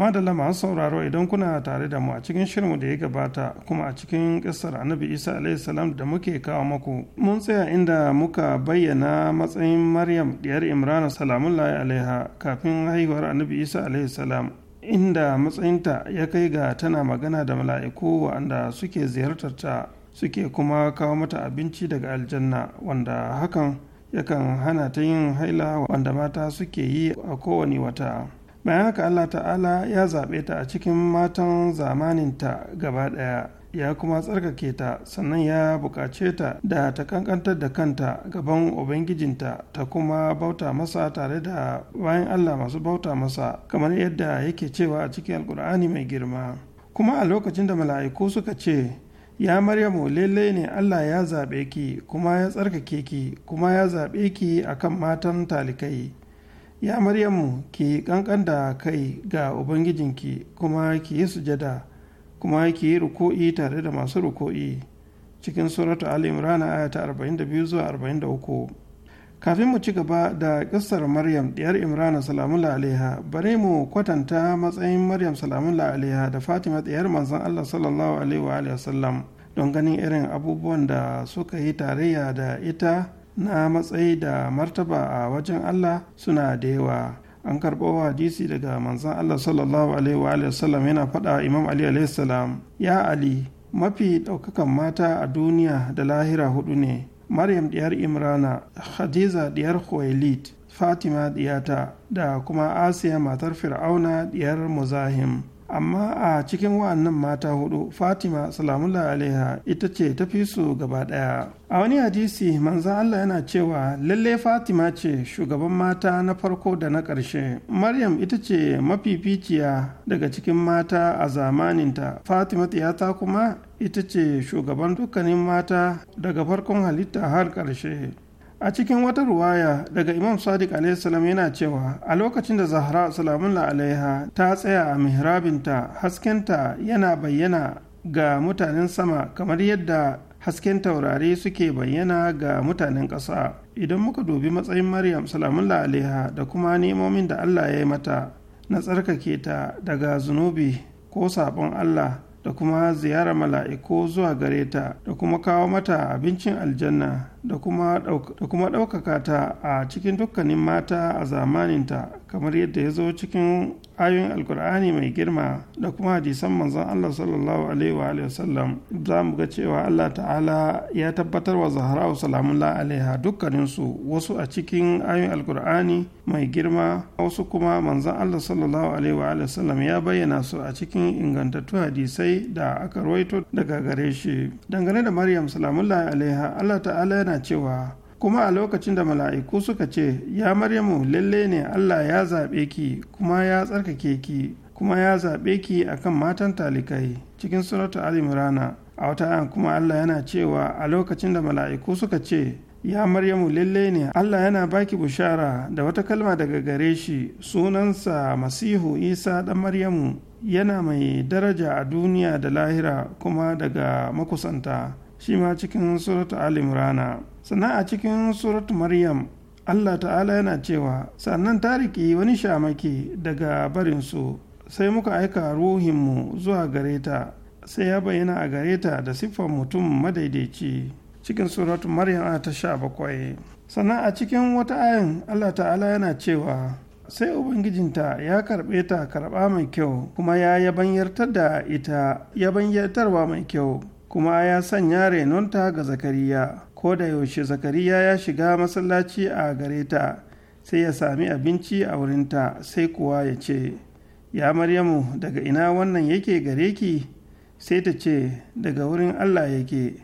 madalla masu sauraro idan kuna tare da mu a cikin shirinmu da ya gabata kuma a cikin ƙasar annabi isa salam da muke kawo maku mun tsaya inda muka bayyana matsayin maryam diyar imrana salamullahi alaiha kafin haihuwar annabi isa salam inda matsayinta ya kai ga tana magana da mala'iku wa'anda suke ziyartar ta suke kuma kawo mata abinci daga aljanna wanda hakan yakan hana ta yin haila wanda mata suke yi a kowane wata bayan haka allah ta'ala ya zaɓe ta a cikin matan zamaninta gaba ɗaya ya kuma tsarkake ta sannan ya buƙace ta da ta kankantar da kanta gaban ubangijinta ta kuma bauta masa tare da bayan allah masu bauta masa kamar yadda yake cewa a cikin alkur'ani mai girma kuma a lokacin da mala'iku suka ce ya maryamu lele ne allah ya zaɓe ki kuma ya tsarkake ki kuma ya zaɓe ki akan matan talikai ya maryamu ki kankan da kai ga ubangijinki kuma ki yi sujada kuma ki yi ruko'i tare da masu ruko'i cikin suratu ali imran aya ta 42 zuwa 43 kafin mu ci gaba da ƙasar maryam diyar imran salamu alaiha bari mu kwatanta matsayin maryam salamu alaiha da fatima diyar manzon allah sallallahu alaihi wa sallam don ganin irin abubuwan da suka yi tarayya da ita na matsayi da martaba a wajen Allah suna da yawa an karɓo hadisi daga manzan Allah sallallahu alaihi wa sallam yana faɗa Imam Ali alaihi salam ya Ali mafi ɗaukakan mata a duniya da lahira hudu ne Maryam diyar Imrana Hadiza diyar Khuwailid Fatima diyata da kuma Asiya matar Fir'auna diyar Muzahim amma a cikin wa'annan mata hudu fatima salamullah alaiha ita ce ta fi su gaba daya a wani hadisi manzan allah yana cewa lalle fatima ce shugaban mata na farko da na ƙarshe maryam ita ce mafificiya daga cikin mata a zamaninta fatima tiyata kuma ita ce shugaban dukkanin mata daga farkon halitta har ƙarshe a cikin wata ruwaya daga imam sadiq alaihissalam yana cewa a lokacin da zahra salamullah alaiha ta tsaya a mihrabinta haskenta yana bayyana ga mutanen sama kamar yadda hasken taurari suke bayyana ga mutanen ƙasa idan muka dubi matsayin maryam salamullah alaiha da kuma nemomin da allah ya yi mata na tsarkake ta daga zunubi ko saɓon allah da kuma ziyara mala'iku zuwa gare ta da kuma kawo mata abincin aljanna da kuma ɗaukaka ta a cikin dukkanin mata a zamaninta kamar yadda ya zo cikin ayoyin alkur'ani mai girma da kuma hadisan manzon Allah sallallahu alaihi wa wasallam za mu ga cewa Allah ta'ala ya tabbatar wa zahara'u salamullah alaiha dukkaninsu wasu a cikin ayoyin alkur'ani mai girma wasu kuma manzon Allah sallallahu alaihi wa wasallam ya bayyana su a cikin ingantattu hadisai da aka ruwaito daga gare shi dangane da Maryam salamullah alaiha Allah ta'ala yana cewa kuma a lokacin da mala'iku suka ce ya maryamu lalle ne allah ya zaɓe ki kuma ya tsarkake ki kuma ya zaɓe ki a kan matan talikai cikin suratu al-imrana a wata yan kuma allah yana cewa a lokacin da mala'iku suka ce ya maryamu lalle ne allah yana baki bushara da wata kalma daga gare shi sunansa masihu isa ɗan maryamu yana mai daraja a duniya da lahira kuma daga makusanta shi ma cikin suratu al-imrana sannan a cikin surat maryam allah ta'ala yana cewa sannan ta riƙi wani shamaki daga barinsu sai muka aika ruhinmu zuwa gare ta sai ya bayyana a gare ta da siffar mutum madaidaici cikin surat maryam ta sha bakwai sannan a cikin wata ayin allah ta'ala yana cewa sai ubangijinta ya karɓe ta karɓa mai kyau kuma ya yabanyartar da ita yabanyartarwa mai kyau kuma ya sanya renonta ga zakariya ko da yaushe zakariya ya shiga masallaci a gare ta sai ya sami abinci a wurinta sai kuwa ya ce ya maryamu daga ina wannan yake gare ki sai ta ce daga wurin allah yake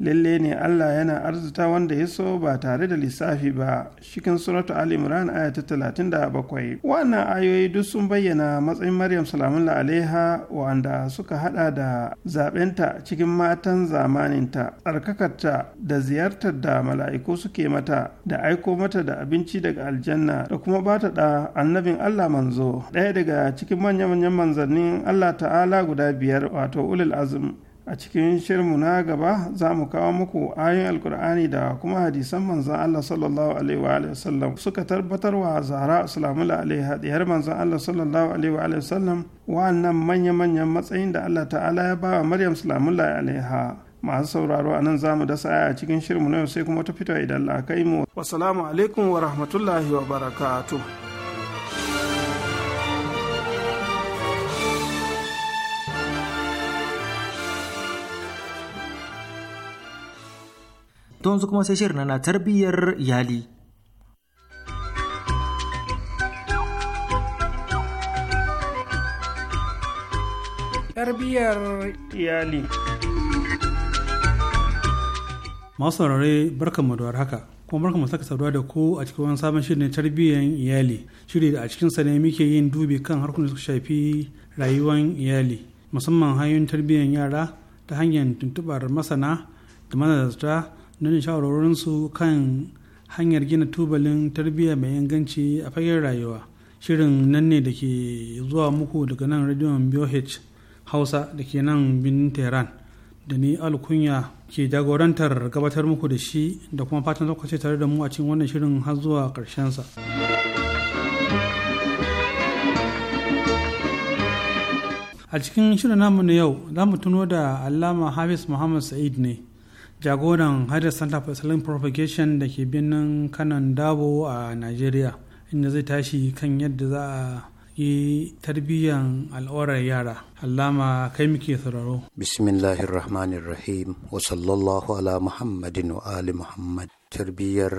lalle ne Allah yana arzuta wanda ya so ba tare da lissafi ba cikin suratu Ali Imran aya ta talatin da bakwai. wannan ayoyi duk sun bayyana matsayin Maryam salamun alaiha wanda suka hada da Zaɓenta cikin matan zamaninta tsarkakarta da ziyartar da mala'iku suke mata da aiko mata da abinci daga aljanna da kuma ba ta da annabin Allah manzo ɗaya daga cikin manya-manyan manzannin Allah ta'ala guda biyar wato ulul azum a cikin shirmu na gaba za mu kawo muku ayoyin alkur'ani da kuma hadisan manzan Allah sallallahu alaihi wa sallam suka tabbatar wa zara salamu alaiha diyar manzan Allah sallallahu alaihi wa sallam wa'annan manya-manyan matsayin da Allah ta'ala ya ba wa Maryam salamu alaiha masu sauraro a nan za mu dasa aya cikin shirmu na yau sai kuma ta fito idan la'akai kai mu wasalamu alaikum wa rahmatullahi wa barakatuh to yanzu kuma sai shirin na tarbiyyar iyali tarbiyyar iyali masu saurare barkanmu da haka kuma barkan mu saka saduwa da ku a cikin wani sabon shirin tarbiyyar iyali shiri da a cikin sa ne muke yin dubi kan harkokin da suka shafi rayuwar iyali musamman hanyoyin tarbiyyar yara ta hanyar tuntubar masana da manazarta na don shawarwarinsu kan hanyar gina tubalin tarbiyya mai inganci a fagen rayuwa shirin nan ne da ke zuwa muku daga nan rediyon BOH hausa da ke nan birnin tehran da ni alkunya ke jagorantar gabatar muku da shi da kuma fatan lokaci tare da mu a cikin wannan shirin har zuwa ƙarshensa. a cikin shirin namu na yau za mu tuno da allama hafiz muhammad sa'id ne jagoran hadar center for islamic propagation da ke birnin kanan dabo a Najeriya inda zai tashi kan yadda za a yi tarbiyyar al'aurar yara allama kai muke sauraro bismillahir rahmanir rahim wa sallallahu ala muhammadin wa ali muhammad tarbiyyar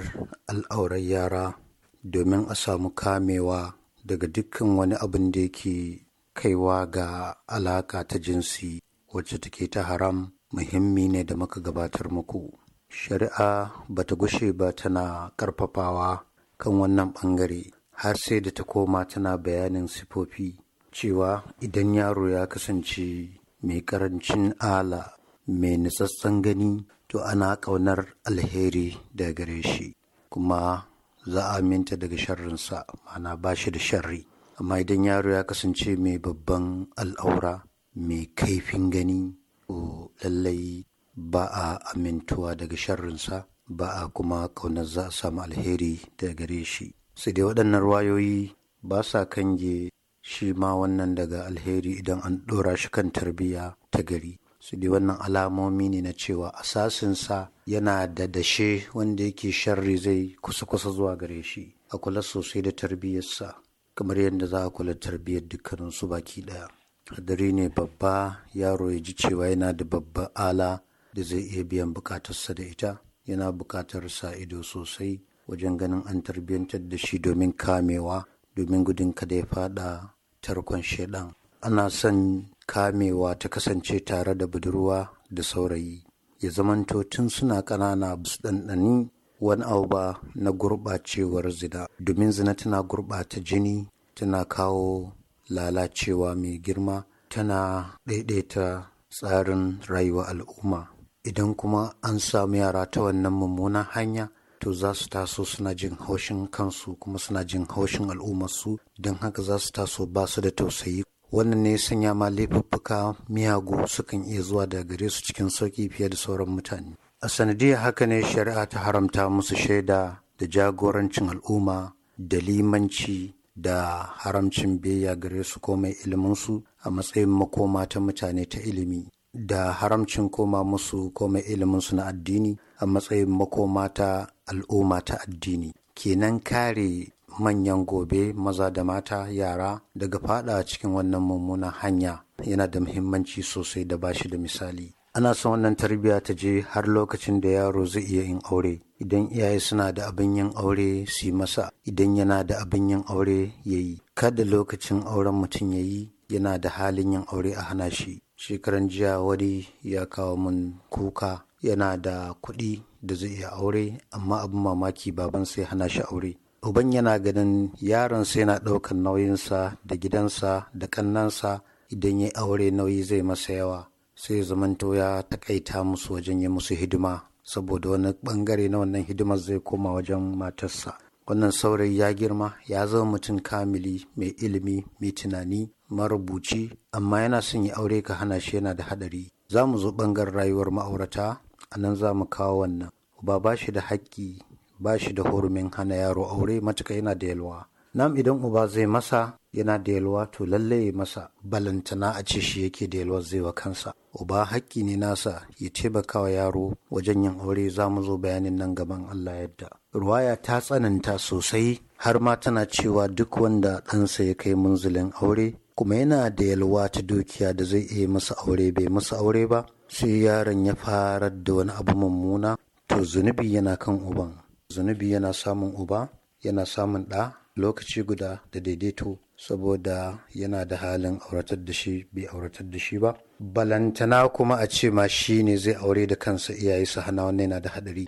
al'aurar yara domin a samu kamewa daga dukkan wani abin da yake kaiwa ga alaka ta jinsi wacce take ta haram muhimmi ne da muka gabatar muku. Shari'a ba ta gushe ba tana ƙarfafawa kan wannan ɓangare har sai da ta koma tana bayanin sifofi cewa idan yaro ya kasance mai ƙarancin ala mai nutsatsen gani to ana ƙaunar alheri da gare shi kuma za a minta daga sharrinsa mana ba shi da sharri amma idan yaro ya kasance mai babban al'aura mai kaifin gani o lallai ba a amintuwa daga sharrinsa ba a kuma ƙaunar za a samu alheri daga gare shi sai dai waɗannan ruwayoyi ba sa kange shi ma wannan daga alheri idan an ɗora shi kan tarbiyya ta gari su dai wannan alamomi ne na cewa asasinsa yana da dashe wanda yake sharri zai kusa-kusa zuwa gare shi a kula sosai da tarbiyyarsa kamar yadda za a kula tarbiyyar dukkaninsu baki ɗaya adari ne babba yaro ya ji cewa yana da babba ala da zai iya biyan bukatarsa da ita yana bukatar sa ido sosai wajen ganin an tarbiyyantar da shi domin kamewa domin gudun kada ya fada tarkon shaidan ana son kamewa ta kasance tare da budurwa da saurayi ya zamanto tun suna ƙanana su ɗanɗani wani abu ba na gurɓacewar zina domin zina tana gurɓata jini tana kawo lalacewa mai girma tana daidaita tsarin rayuwar al'umma idan kuma an samu yara ta wannan mummunan hanya to za su taso suna jin haushin kansu kuma suna jin haushin al'ummarsu don haka za su taso ba su da tausayi wannan ne sanya ma laifuffuka miyagu sukan iya zuwa da gare su cikin sauki fiye da sauran mutane a sanadiyar haka ne shari'a ta haramta musu shaida da jagorancin al'umma da limanci da haramcin biyayya gare su komai iliminsu a matsayin makoma ta mutane ta ilimi da haramcin koma musu komai iliminsu na addini a matsayin makoma ta al'umma ta addini kenan kare manyan gobe maza da mata yara daga fada cikin wannan mummunan hanya yana da muhimmanci sosai da bashi da misali ana son wannan tarbiyya ta je har lokacin da yaro zai iya yin aure idan iyaye suna da abin yin aure su yi masa idan yana da abin yin aure ya yi kada lokacin auren mutum ya yi yana da halin yin aure a hana shi shekaran jiya wani ya kawo mun kuka yana da kuɗi da zai iya aure amma abin mamaki baban sai hana shi aure uban yana ganin yaron sai na ɗaukan nauyinsa da gidansa da ƙannansa idan ya aure nauyi zai masa yawa sai zamanto ya takaita musu wajen yi musu hidima saboda wani bangare na wannan hidimar zai koma wajen matarsa wannan saurayi ya girma ya zama mutum kamili mai ilimi mai tunani marubuci amma yana son ya aure ka hana shi yana da hadari za mu zo bangar rayuwar ma'aurata a nan za mu kawo wannan ba ba shi da haƙƙi ba shi da hurumin hana yaro aure matuka yana da yalwa nam idan uba zai masa yana da yalwa to lalle ya masa balantana a ce shi yake da yalwa zai wa kansa uba haƙƙi ne nasa ya taimaka wa yaro wajen yin aure za mu zo bayanin nan gaban Allah yadda ruwaya ta tsananta sosai har ma tana cewa duk wanda ɗansa ya kai munzulin aure kuma yana da yalwa ta dukiya da zai iya masa aure bai masa aure ba sai yaron ya fara da wani abu mummuna to zunubi yana kan uban zunubi yana samun uba yana samun ɗa lokaci guda da daidaito saboda yana da halin auratar da shi bai auratar da shi ba balantana kuma a ce ma shi ne zai aure da kansa iyaye su hana wannan yana da hadari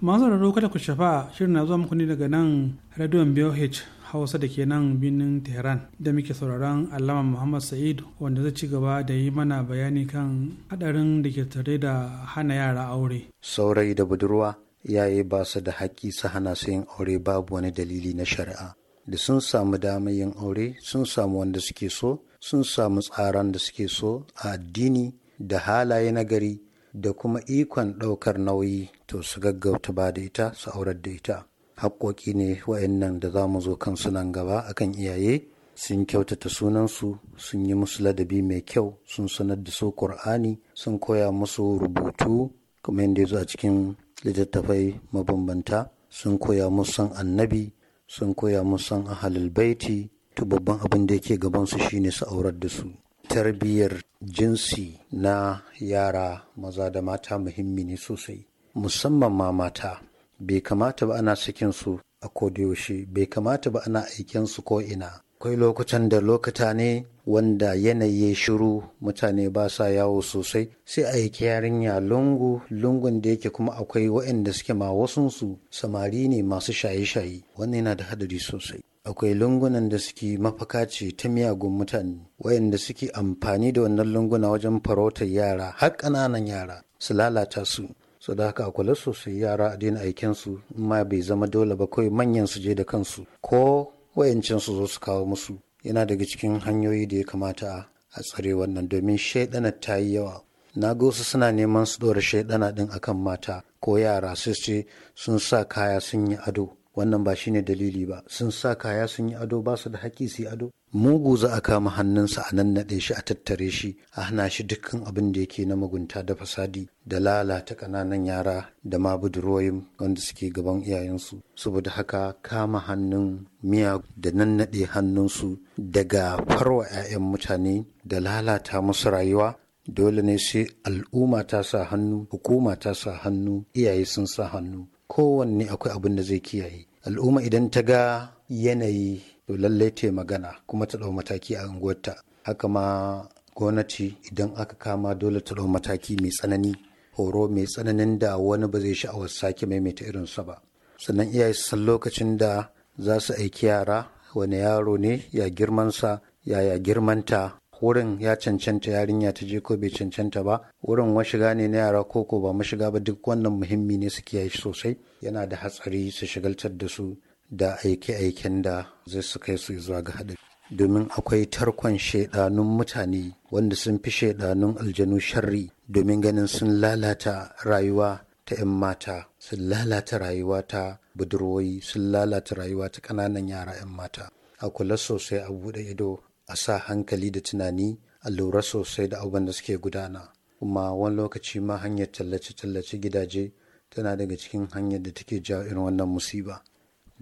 masu raro kada ku shafa shirin na zuwa muku ne daga nan radion BOH Hausa da ke nan birnin Tehran da muke sauraron Allama Muhammad Sa'id wanda zai ci gaba da yi mana bayani kan hadarin da ke tare da hana yara aure. Saurayi da budurwa iyaye ba su da haƙƙi su hana su yin aure babu wani dalili na shari'a da sun samu damar yin aure sun samu wanda suke so sun samu tsaran da suke so a addini da halaye nagari da kuma ikon ɗaukar nauyi to su gaggauta ba da ita su aurar da ita haƙƙoƙi ne wa'annan da za mu zo kansu nan gaba akan iyaye sun kyautata sunansu sun yi musu ladabi mai kyau sun sanar da su ƙur'ani sun koya musu rubutu kuma yadda ya zo a cikin littattafai mabambanta sun koya san annabi sun koya musan ahalul baiti to babban abin da yake su shine su aurar da su tarbiyyar jinsi na yara maza da mata muhimmi ne sosai musamman ma mata bai kamata ba ana sakin su a kodayaushe bai kamata ba ana aiken su ko ina akwai lokutan da lokuta ne wanda yanayi shiru mutane ba sa yawo sosai sai a yi yarinya lungu lungun da yake kuma akwai waɗanda suke ma wasunsu samari ne masu shaye-shaye wannan yana da hadari sosai akwai lungunan da suke mafaka ce ta miyagun mutane wayanda suke amfani da wannan lunguna wajen farautar yara har ƙananan yara su lalata su su da haka a kula sosai yara a daina aikinsu ma bai zama dole ba kawai manyan su je da kansu ko wayancin su zo su kawo musu yana daga cikin hanyoyi da ya kamata a tsare wannan domin shaidana ta yi yawa na ga wasu suna neman su ɗora shaidana ɗin akan mata ko yara su ce sun sa kaya sun yi ado wannan ba shine dalili ba sun sa kaya sun yi ado ba su da haƙƙi su yi ado mugu za a kama hannunsa a nannaɗe shi a tattare shi a hana shi dukkan abin da yake na mugunta da fasadi da lalata ƙananan yara da ma budurwoyin wanda suke gaban iyayensu saboda haka kama hannun miya da nannaɗe hannunsu daga farwa 'ya'yan mutane da lalata musu rayuwa dole ne sai al'umma ta sa hannu hukuma ta sa hannu iyaye sun sa hannu kowanne akwai abin da zai kiyaye al'umma idan ta ga yanayi to lallai ta magana kuma ta ɗau mataki a unguwarta haka ma gwamnati idan aka kama dole ta ɗau mataki mai tsanani horo mai tsananin da wani ba zai sha'awar sake maimaita sa ba sannan iyaye su san lokacin da za su aiki yara wani yaro ne ya girmansa yaya girmanta wurin ya cancanta yarinya ta je ko bai cancanta ba wurin shiga ne na yara koko ba mashiga ba duk wannan muhimmi ne su kiyaye sosai yana da hatsari su shigaltar da su da aike-aiken da zai su kai su zuwa ga haɗari domin akwai tarkon shaidanun mutane wanda sun fi shaidanun aljanu sharri domin ganin sun lalata rayuwa ta 'yan mata sun lalata rayuwa ta budurwoyi sun lalata rayuwa ta ƙananan yara 'yan mata a kula sosai a buɗe ido a sa hankali da tunani a lura sosai da abin da suke gudana kuma wani lokaci ma hanyar tallace-tallace gidaje tana daga cikin hanyar da take jawo irin wannan musiba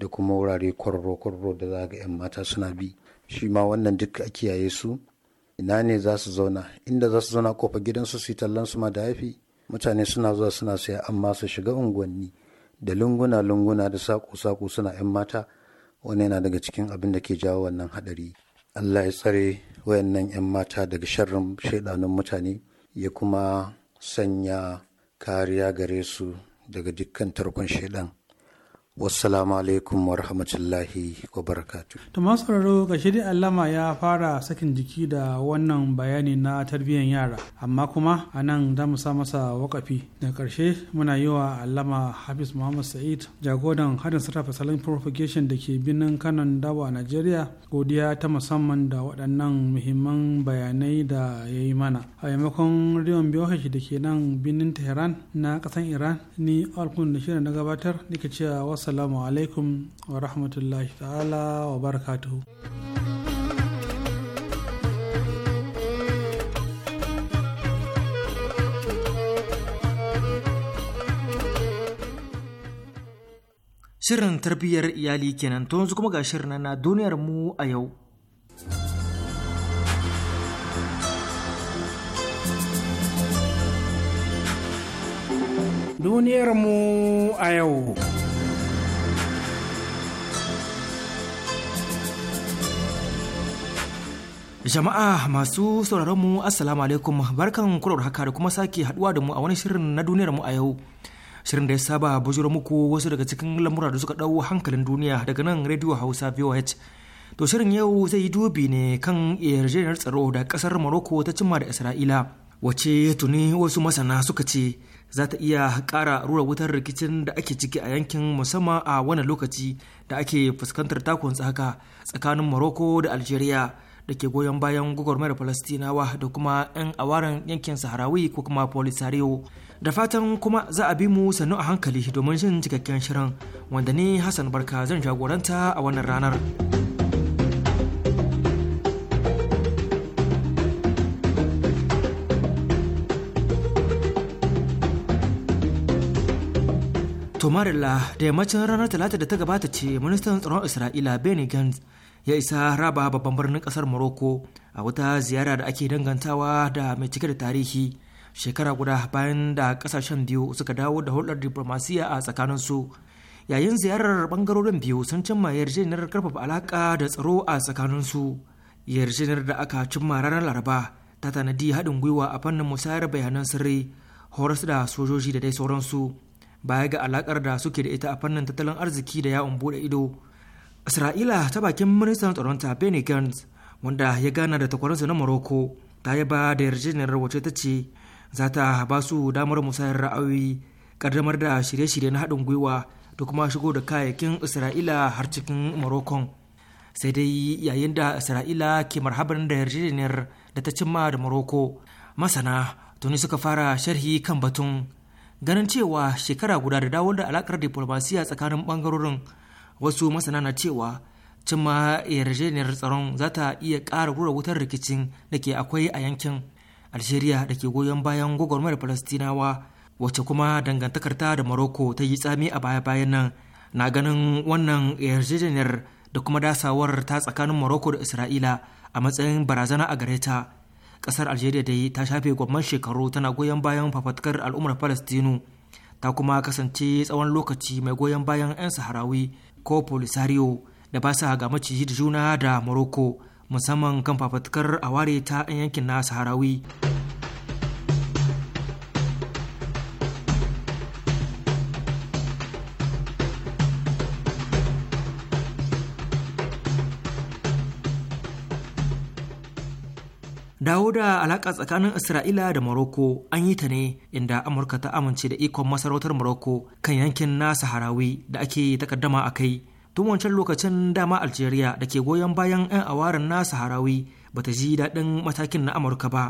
da kuma wurare kwarro-kwarro da za ga 'yan mata suna bi shi ma wannan duk a kiyaye su ina ne za su zauna inda za su zauna kofa gidansu su yi tallan su ma da haifi mutane suna zuwa suna saya amma su shiga unguwanni da lunguna-lunguna da saƙo-saƙo suna 'yan mata wani yana daga cikin abin da ke jawo wannan haɗari allah ya tsare wayannan 'yan mata daga sharrin shaidanun mutane ya kuma sanya kariya gare su daga dukkan tarkon shaidan wassalamu alaikum wa rahmatullahi wa barakatu. to masu sauraro ga shirya allama ya fara sakin jiki da wannan bayani na tarbiyyar yara amma kuma a nan za mu sa masa wakafi da karshe muna yi wa allama hafiz muhammad sa'id jagoran hadin sarrafa salon propagation da ke birnin kanon dawa a Najeriya, godiya ta musamman da waɗannan muhimman bayanai da ya yi mana a maimakon riyon biyohaji da ke nan birnin tehran na ƙasar iran ni alkun da shirin na gabatar da ke cewa wassalamu alaikum wa rahmatullahi ta'ala wa barakatuhu Shirin tarbiyyar iyali kenan to yanzu kuma ga shirin na duniyar mu a yau. Duniyar mu a yau. Jama'a masu sauraron mu Assalamu alaikum barkan kurar haka da kuma sake haduwa da mu a wani shirin na duniyar mu a yau. Shirin da ya saba bujuro muku wasu daga cikin lamura da suka dau hankalin duniya daga nan Radio Hausa VOH. To shirin yau zai yi dubi ne kan yarjejeniyar tsaro da kasar Morocco ta cimma da Isra'ila. Wace tuni wasu masana suka ce za ta iya ƙara rura wutar rikicin da ake ciki a yankin musamman a wani lokaci da ake fuskantar takun tsaka tsakanin Morocco da Algeria. da ke goyon bayan gwagwarmayar falastinawa da kuma 'yan awaren yankin saharawi ko kuma polisario da fatan kuma za a bi mu sannu a hankali domin jin cikakken shirin wanda ni hassan barka zan jagoranta a wannan ranar tomarilla da yammacin ranar talata da ta gabata ce ministan tsaron isra'ila benny gantz ya isa raba babban birnin kasar morocco a wata ziyara da ake dangantawa da mai cike da tarihi shekara guda bayan da kasashen biyu suka dawo da hulɗar diplomasiya a tsakaninsu yayin ziyarar bangarorin biyu sun cimma yarjejeniyar karfafa alaka da tsaro a tsakaninsu yarjejeniyar da aka cimma ranar laraba ta tanadi haɗin gwiwa a fannin musayar bayanan sirri horas da sojoji da dai sauransu baya ga alakar da suke da ita a fannin tattalin arziki da yawon buɗe ido isra'ila ta bakin ministan ta benny gantz wanda ya gana da takwaransa na morocco ta yaba da yarjejeniyar wace ta ce za ta ba su damar musayar ra'ayoyi kaddamar da shirye-shirye na haɗin gwiwa da kuma shigo da kayayyakin isra'ila har cikin morocco sai dai yayin da isra'ila ke marhaban da yarjejeniyar da ta cimma da morocco masana tuni suka fara sharhi kan batun ganin cewa shekara guda da dawo da alakar diplomasiya tsakanin bangarorin wasu masana na cewa cimma yarjejeniyar tsaron za ta iya ƙara rura wutar rikicin da ke akwai a yankin algeria da ke goyon bayan gwagwarmayar falastinawa wacce kuma dangantakarta da morocco ta yi tsami a baya-bayan nan na ganin wannan yarjejeniyar da kuma dasawar ta tsakanin morocco da isra'ila a matsayin barazana a gare ta ƙasar algeria dai ta shafe gwamnan shekaru tana goyon bayan fafatkar al'ummar Falastinu. ta kuma kasance tsawon lokaci mai goyon bayan 'yan saharawi ko polisario da ba sa ga maciji da juna da morocco musamman kan fafatukar a ware ta yankin na saharawi dawo da alaƙa tsakanin isra'ila da morocco an yi ta ne inda amurka ta amince da ikon masarautar morocco kan yankin na saharawi da ake takaddama a kai tun wancan lokacin dama algeria da ke goyon bayan 'yan awarin na saharawi ta ji daɗin matakin na amurka ba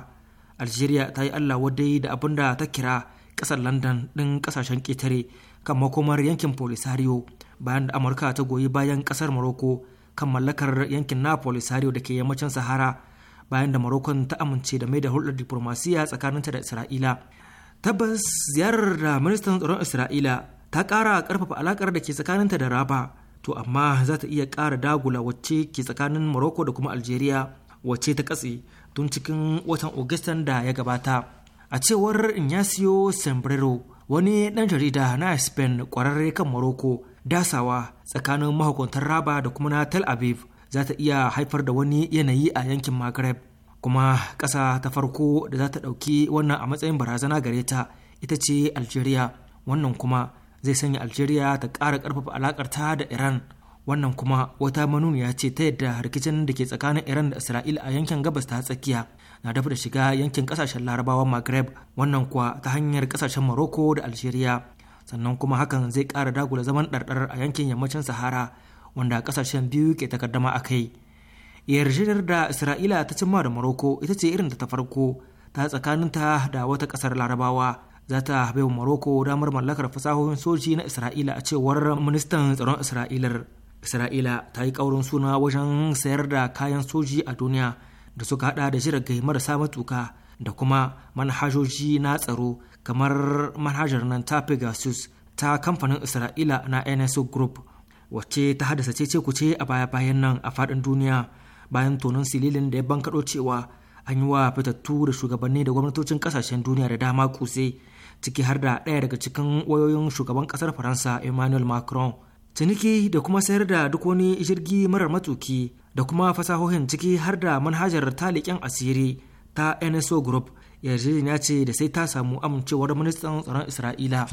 algeria ta yi allah wadai da abin da ta kira ƙasar london ɗin ƙasashen ƙetare kan makomar yankin polisario bayan da amurka ta goyi bayan ƙasar morocco kan mallakar yankin na polisario da ke yammacin sahara bayan da marokon ta amince da mai da hulɗar diplomasiya tsakaninta da isra'ila tabbas ziyarar da ministan tsaron isra'ila ta ƙara ƙarfafa alakar da ke tsakaninta da raba to amma za ta iya ƙara dagula wacce ke tsakanin maroko da kuma algeria wacce ta katse tun cikin watan augustan da ya gabata a cewar ignacio sembrero wani ɗan jarida na spain kwararre kan maroko dasawa tsakanin mahukuntar raba da kuma na tel aviv za ta iya haifar da wani yanayi a yankin maghreb kuma ƙasa ta farko da za ta ɗauki wannan a matsayin barazana gare ta ita ce algeria wannan kuma zai sanya algeria ta ƙara ƙarfafa ta da iran wannan kuma wata manuniya ce ta yadda rikicin da ke tsakanin iran da isra'ila a yankin gabas ta tsakiya na dafa da shiga yankin ƙasashen larabawan maghreb wannan kuwa ta hanyar ƙasashen morocco da algeria sannan kuma hakan zai ƙara dagula zaman ɗarɗar a yankin yammacin sahara wanda kasashen biyu ke takaddama a kai yarjejeniyar da isra'ila ta cimma da maroko ita ce irin da ta farko ta tsakaninta da wata kasar larabawa za ta bai wa maroko damar mallakar fasahohin soji na isra'ila a cewar ministan tsaron isra'ilar isra'ila ta yi ƙaurin suna wajen sayar da kayan soji a duniya da suka hada da jiragai marasa matuka da kuma manhajoji na tsaro kamar manhajar nan ta pegasus ta kamfanin isra'ila na nso group wacce ta haddasa cece ce a baya-bayan nan a faɗin duniya bayan tonon sililin da ya bankaɗo cewa an yi wa fitattu da shugabanni da gwamnatocin ƙasashen duniya da dama kutse ciki har da ɗaya daga cikin wayoyin shugaban ƙasar faransa emmanuel macron ciniki da kuma sayar da duk wani jirgi marar matuki da kuma fasahohin ciki har da manhajar talikin asiri ta nso group yarjejeniya ce da sai ta samu amincewar ministan tsaron isra'ila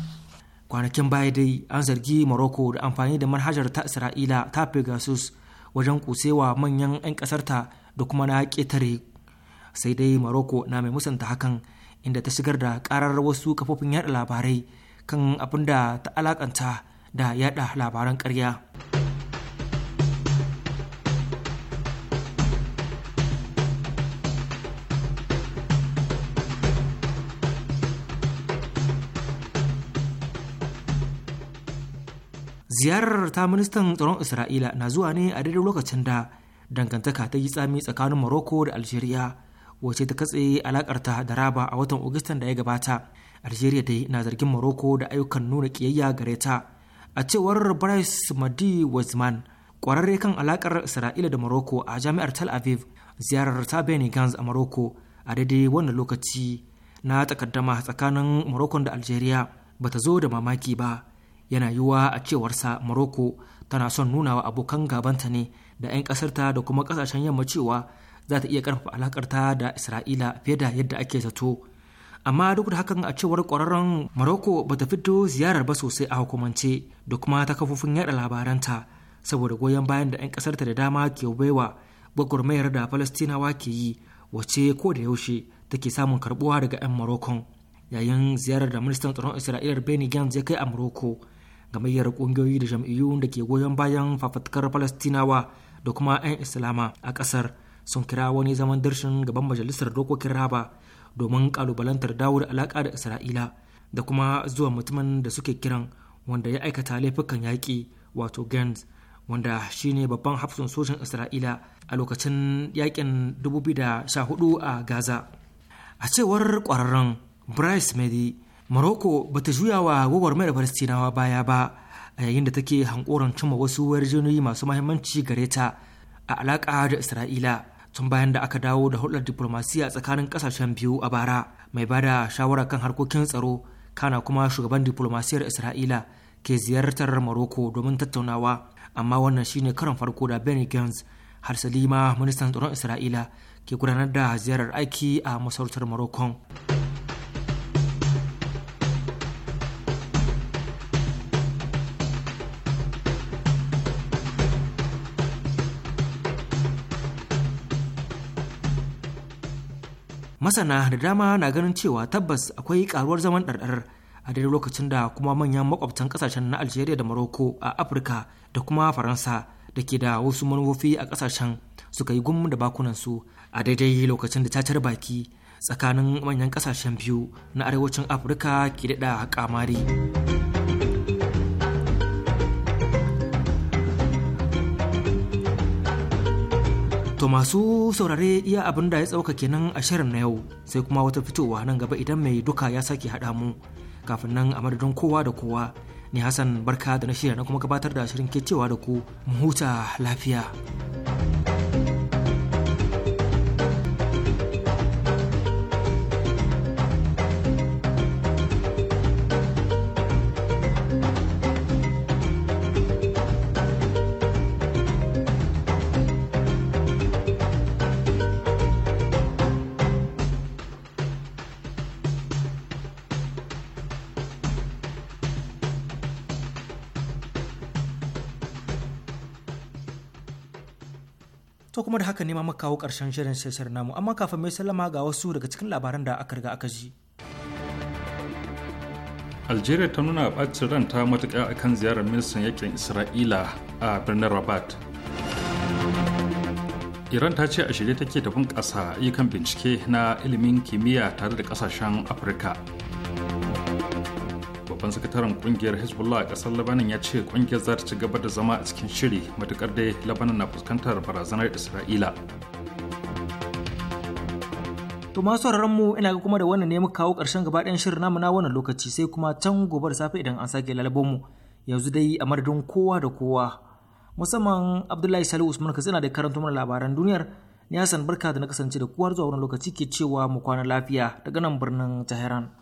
kwanakin baya dai an zargi morocco da amfani da manhajar ta isra'ila ta pegasus wajen kusewa manyan 'yan kasarta da kuma na ketare sai dai morocco na mai musanta hakan inda ta shigar da karar wasu kafofin yada labarai kan abin da ta alakanta da yada labaran karya. ziyarar ta ministan tsaron isra'ila na zuwa ne a daidai lokacin da dangantaka ta yi tsami tsakanin morocco da algeria wace ta katse alakarta da raba a watan ogistan da ya gabata algeria dai na zargin morocco da ayyukan nuna kiyayya gare ta a cewar bryce madi wazman kwararre kan alakar isra'ila da morocco a jami'ar tel aviv ziyarar ta benny gans a morocco a daidai wannan lokaci na takaddama tsakanin morocco da algeria bata zo da mamaki ba yana yiwuwa a cewarsa morocco tana son nuna wa abokan gabanta ne da 'yan ƙasarta da kuma kasashen yamma cewa za ta iya karfafa alakarta da isra'ila fiye da yadda ake zato amma duk da hakan a cewar ƙwararren morocco ba ta fito ziyarar ba sosai a hukumance da kuma ta kafofin yada labaranta saboda goyon bayan da 'yan ƙasarta da dama ke baiwa gwagwarmayar da falastinawa ke yi wace ko da yaushe take samun karbuwa daga 'yan morocco yayin ziyarar da ministan tsaron isra'ila benny gantz ya kai a morocco gamayyar kungiyoyi da jam'iyyu da ke goyon bayan fafatkar falastinawa da kuma 'yan islama a kasar sun kira wani zaman darshin gaban majalisar dokokin raba domin kalubalantar dawo da alaka da isra'ila da kuma zuwa mutumin da suke kiran wanda ya aikata laifukan yaƙi wato gens wanda shine babban hafsun sojin isra'ila a lokacin yakin 2014 a gaza a cewar kwararren bryce medi Morocco ba ta juya wa gwagwarmayar Falastinawa baya ba a yayin da take hankoran cimma wasu yarjejeniyoyi masu mahimmanci gare ta a alaka da Isra'ila tun bayan da aka dawo da hulɗar diplomasiya tsakanin ƙasashen biyu a bara mai ba da shawara kan harkokin tsaro kana kuma shugaban diplomasiyar Isra'ila ke ziyartar Morocco domin tattaunawa amma wannan shine karon farko da Benny Gantz har salima ministan tsaron Isra'ila ke gudanar da ziyarar aiki a masarautar Morocco. masana da dama na ganin cewa tabbas akwai karuwar zaman ɗarɗar a daidai lokacin da kuma manyan makwabtan kasashen na algeria da morocco a afirka da kuma faransa da ke da wasu manufofi a kasashen suka yi gum da bakunansu a daidai lokacin da cacar baki tsakanin manyan kasashen biyu na arewacin afirka ke daɗa kamari. To masu saurare iya abin da ya tsauka kenan a shirin na yau sai kuma wata fitowa nan gaba idan mai duka ya sake haɗa mu kafin nan a madadin kowa da kowa ni Hassan barka da na shirya na kuma gabatar da shirin ke cewa da ku mu huta lafiya. To kuma da haka ne ma kawo ƙarshen shirin sesar namu amma kafin mai sallama ga wasu daga cikin labaran da aka riga aka ji. Algeria ta nuna ɓacin ran ta matuƙa akan ziyarar ministan yakin Isra'ila a birnin Rabat. Iran ta ce a shirye take ta bunƙasa ayyukan bincike na ilimin kimiyya tare da ƙasashen Afirka. babban sakataren kungiyar hezbollah a kasar labanin ya ce kungiyar za ta ci gaba da zama a cikin shiri matukar dai labanin na fuskantar barazanar isra'ila to masu mu ina ga kuma da wannan ne mu kawo karshen gaba ɗayan shirin namu na wannan lokaci sai kuma can gobe da safe idan an sake lalabon mu yanzu dai a madadin kowa da kowa musamman abdullahi salu usman ka tsina da karanta mana labaran duniyar ni Hassan barka da na kasance da kuwar zuwa wani lokaci ke cewa mu kwana lafiya daga nan birnin Tehran.